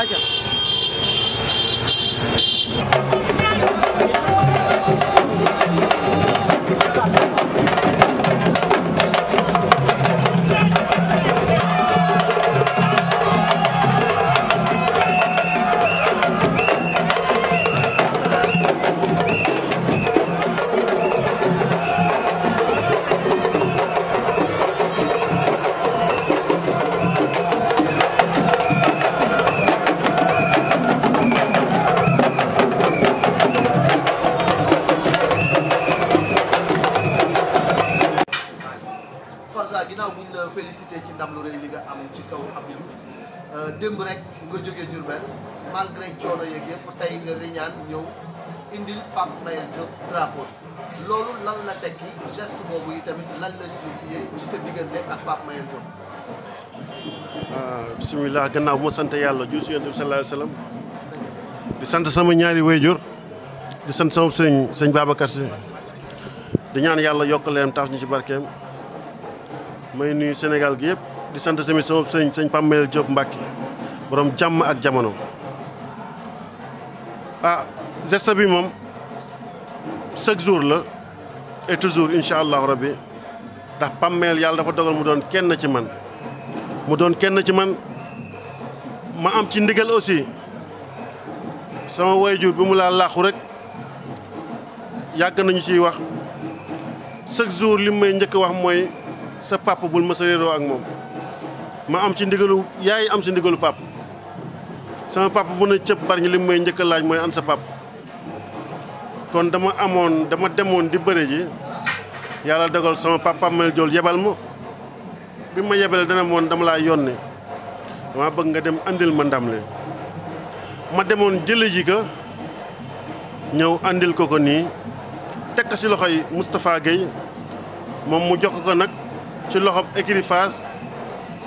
Hadi. félicité ci ndam lu rëy li nga am ci kaw Abdou Diouf euh, démb rek nga jógee Diourbel malgré coono yeeg yëpp tey nga riñaan ñëw indil Pape Mayel Diop drapeau loolu lan la tekki geste boobu yi tamit lan la signifié ci sa diggante ak Pape Mayel Diop. Euh, bisimilah gannaaw bu ma sant yàlla jul si yonent bi sallallahu alayhi wa di sant sama ñaari wayjur di sant sama sëñ sëñ Si di ñaan yàlla yokk leen tax ci barkeem. may nuyu Sénégal gi yëpp di sant tamit sama sëñ sëñ Pape Mayel Diop Mbacke jàmm ak jamono. ah geste bi moom chaque jour la et toujours incha allahu rabbi ndax Pape yàlla dafa dogal mu doon kenn ci man mu doon kenn ci man ma am ci ndigal aussi sama wayjur bi mu laa laaxu rek yàgg nañu ciy wax chaque jour li mu may njëkk wax mooy. sa papa bul ma sa réeroo ak moom ma am ci ndigalu yaay am ci ndigalu papa sama papa bu na cëpp barñi li mu may njëkk laaj mooy an sa papa kon dama amoon dama demoon di bëre ji yàlla dogal sama papa Amel Diol yebal ma bi ma yebalee dana moon dama laa yónnee dama bëgg nga dem andil ma ndam le ma demoon jëli ji ka ñëw andil ko ko nii tekk ci yi Moustapha Guèye moom mu jox ko nag ci loxo écurie Fass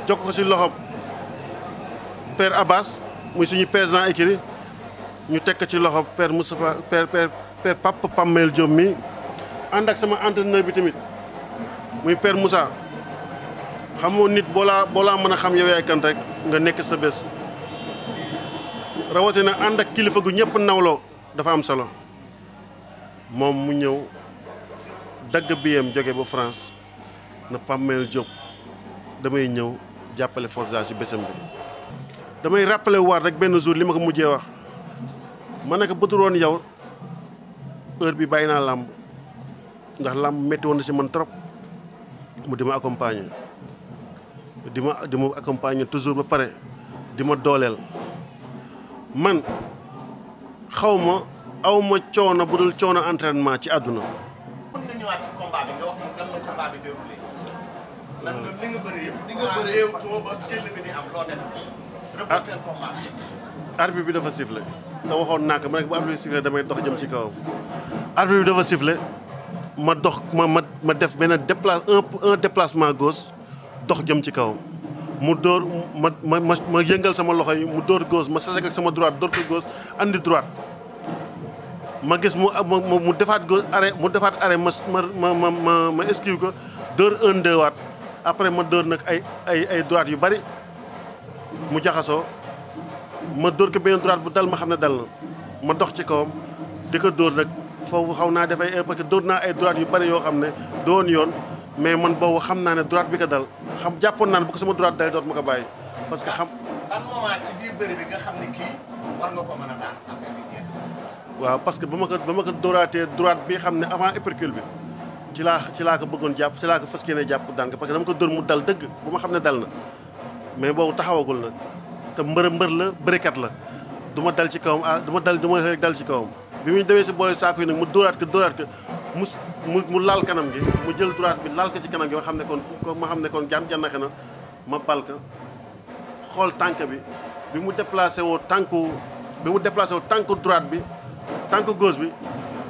jox ko ci loxob père Abbas muy suñu président écurie ñu teg ko ci loxo père Moustapha père père père Pape Pamel mi ànd ak sama entraîneur bi tamit muy père Moussa xamoo nit boolaa laa boo laa mën a xam yow yaay kan rek nga nekk sa bés rawatina ànd ak kilifa gu ñëpp nawloo dafa am solo moom mu ñëw dagg bi biyam jóge ba France na Pape Mayel Diop damay ñëw jàppale Forza si bésam bi damay rappelé waat rek benn jour li ma ko mujjee wax ma ne ko bu dul woon yow heure bi bàyyi naa làmb ndax làmb métti woon na si man trop mu di ma accompagner di ma di ma accompagner toujours ba pare di ma dooleel man xawma awma aw coono bu dul coono entraînement ci àdduna. nan bi di am loo ah. dafa sifflé te waxoon naa ko ma ne bu arbitre bi sifflé damay dox jëm ci kawam arbitre bi dafa sifflé ma dox ma ma ma def benn déplace un déplacement gauche dox jëm ci kawam mu dóor ma ma ma ma yëngal sama loxo yi mu dóor gauche ma sasek ak sama droite dóor ko gauche andi droite ma gis mu mu defaat gauche arrêt mu defaat arrêt ma ma ma ma ko dóor un deux waat après ma door nag ay ay ay droite yu bari mu jaxasoo ma dóor ko benn droite bu dal ma xam ne dal na ma dox ci kawam di ko dóor nag foofu xaw naa defay ay que dóor naa ay droite yu bari yoo xam ne doon yoon mais man boobu xam naa ne droite bi ko dal xam jàppoon naa ne bu ko sama droite day doot ma ko bàyyi parce que xam. ban moment ko mën a parce que ba ma ko ba ma ko dóoraatee droite bi xam ne avant épercule bi. ci laa ci laa ko bëggoon jàpp ci laa ko fas yéene jàpp daan ko parce que dama ko dóor mu dal dëgg bu ma xam ne dal na mais boobu taxawagul nag te mbër mbër la bërekat la du ma dal ci kawam ah du ma dal du ma rek dal ci kawam bi mu demee si boole saako yi nag mu dóoraat ko dóoraat ko mu mu mu laal kanam gi mu jël droite bi laal ko ci kanam gi ma xam ne kon ko ma xam ne kon jàmm jannaxe na ma bal xool tànk bi bi mu déplacé woo tànku bi mu déplacé woo tànku droite bi tànku gauche bi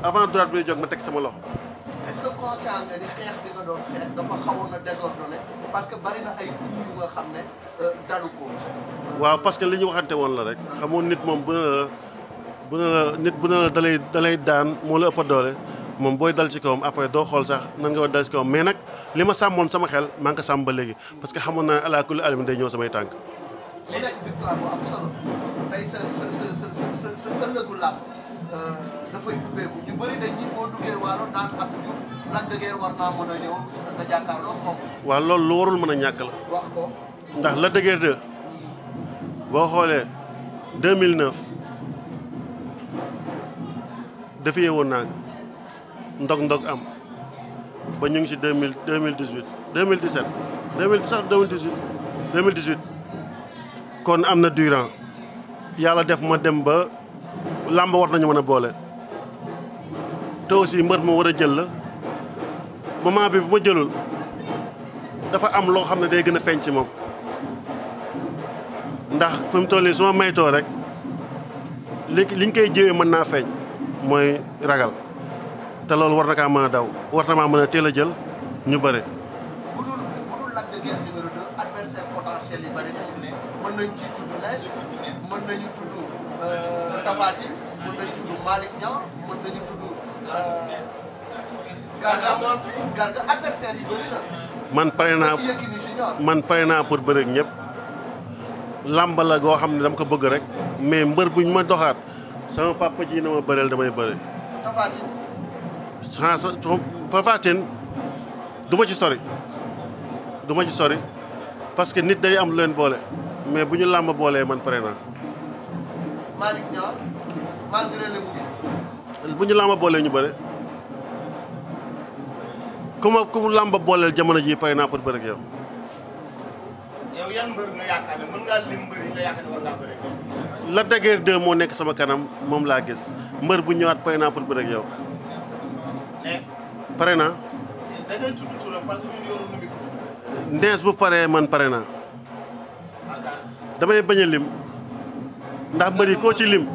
avant droite ma teg sama loxo est parce que euh, waaw parce que li ñu waxante woon la rek. xamoon nit moom bu ne la nit bu ne la dalay daan moo la ëpp a doole moom booy dal ci kawam après doo xool sax nan nga war dal ci kawam mais nag li ma sàmmoon sama xel maa ngi ko sàmm ba léegi parce que xamoon na ne allah kulli alim day ñëw samay tànk. Euh, dafay ubbeeku loolu lu warul mën a ñàkk la. ndax la de Guiers 2 boo xoolee 2009 defee woon naa ko ndog-ndog am ba ñu ngi ci deux mille deux mille dix huit deux mille dix sept deux mille dix kon am na durant yàlla def ma dem ba. làmb war nañu mën a boole te aussi mbër mu war a jël la moment bi bu ma jëlul dafa am loo xam ne day gën a feeñ ci moom ndax fu mu toll nii su ma maytoo rek li liñ koy jëwee mën naa feeñ mooy ragal te loolu war na kaa mën a daw war na maa mën a teel a jël ñu bëre man pare naa pare naa pour bëreeg ñépp làmbala goo xam ne dama ko bëgg rek mais mbër buñ ma doxaat sama papa ji na ma bëreel damay bëre Tapati ah, sans ci sori duma ci sori parce que nit day am leen boole mais bu ñu làmb boolee man pare naa. bu ñu làmb boolee ñu bare ku ku làmb booleel jamono ji pare naa pour bëre ak yow. la dageer deux moo nekk sama kanam moom laa gis mbër bu ñëwaat pare naa pour bëre ak yow. nees. pare naa. da ngay tudd nees bu paree man pare naa. damay bañ a lim ndax yi koo ci lim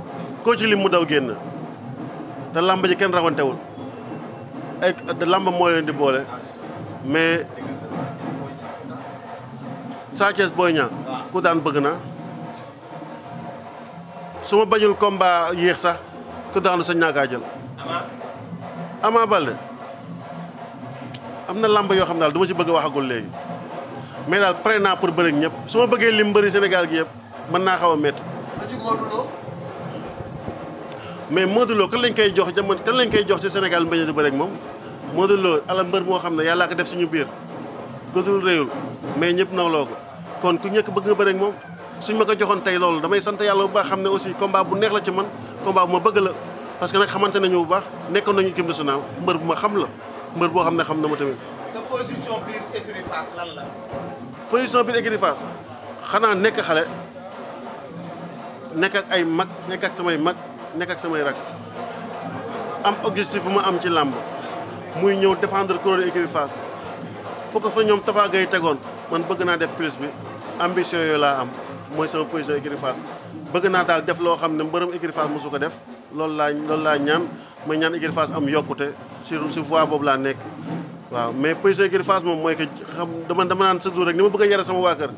koo ci lim mu daw génn te làmb ji kenn rawantewul ay làmba moo leen di boole mais Sa Thiès Boy Niang ku daan bëgg na su ma bañul combat yéex sax ku daanu sañ naa kaa jël am na làmb yoo xam daal du ma ci bëgg waxagul léegi mais daal pare naa pour bëri ñëpp su ma bëggee lim bëri Sénégal gi yëpp mën naa xaw a métti. ci mais moo duloo kan lañ koy jox jamono kan lañ koy jox ci Sénégal mbañ di moom Modou Lo ala mbër moo xam ne yàllaa ko def suñu biir gëdul réyul mais ñëpp loo ko kon ku ñëkk bëgg nga bëri moom suñ ma ko joxoon tey loolu damay sant yàlla bu baax xam ne aussi combat bu neex la ci man combat bu ma bëgg la parce que nag xamante nañu bu baax nekkoon nañu équipe nationale mbër bu ma xam la mbër boo xam ne xam na ma tamit. sa position biir la. position biir écurie Fass xanaa nekk xale nekk ak ay mag nekk ak samay mag nekk ak samay rak am objectif bu ma am ci làmb muy ñëw défendre kuréel écurie Fass foo ko fa ñoom Tafa Gueye tegoon man bëgg naa def plus bi ambition yooyu laa am mooy sama position écurie Fass bëgg naa daal def loo xam ne mbërëm écurie Fass mosu ko def loolu laa lool laa ñaan ma ñaan écurie Fass am yokkute sur si voie boobu laa nekk waaw mais projet Guiers Face moom mooy que xam dama dama naan sa rek ni ma bëgg a yare sama waa kër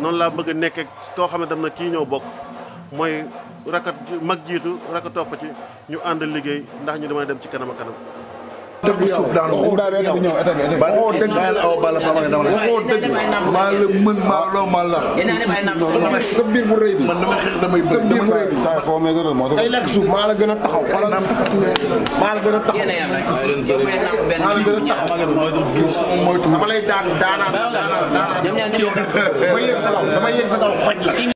noonu laa bëgg a koo xam ne dam na kii ñëw bokk mooy rakat mag jiitu raka topp ñu ànd liggéey ndax ñu dama dem ci kanam a kanam dëgg yàlla daanu waxoo dëgg waxoo dëgg aw bala papa nga dama la waxoo dëgg maa la mën maa loo maa la sa biir bu rëy bi man dama xeex damay bëgg dama sa biir bu rëy bi foo may gënal moo tax ay lekk suuf maa la gën a taxaw maa la gën a taxaw maa a taxaw moytu dama lay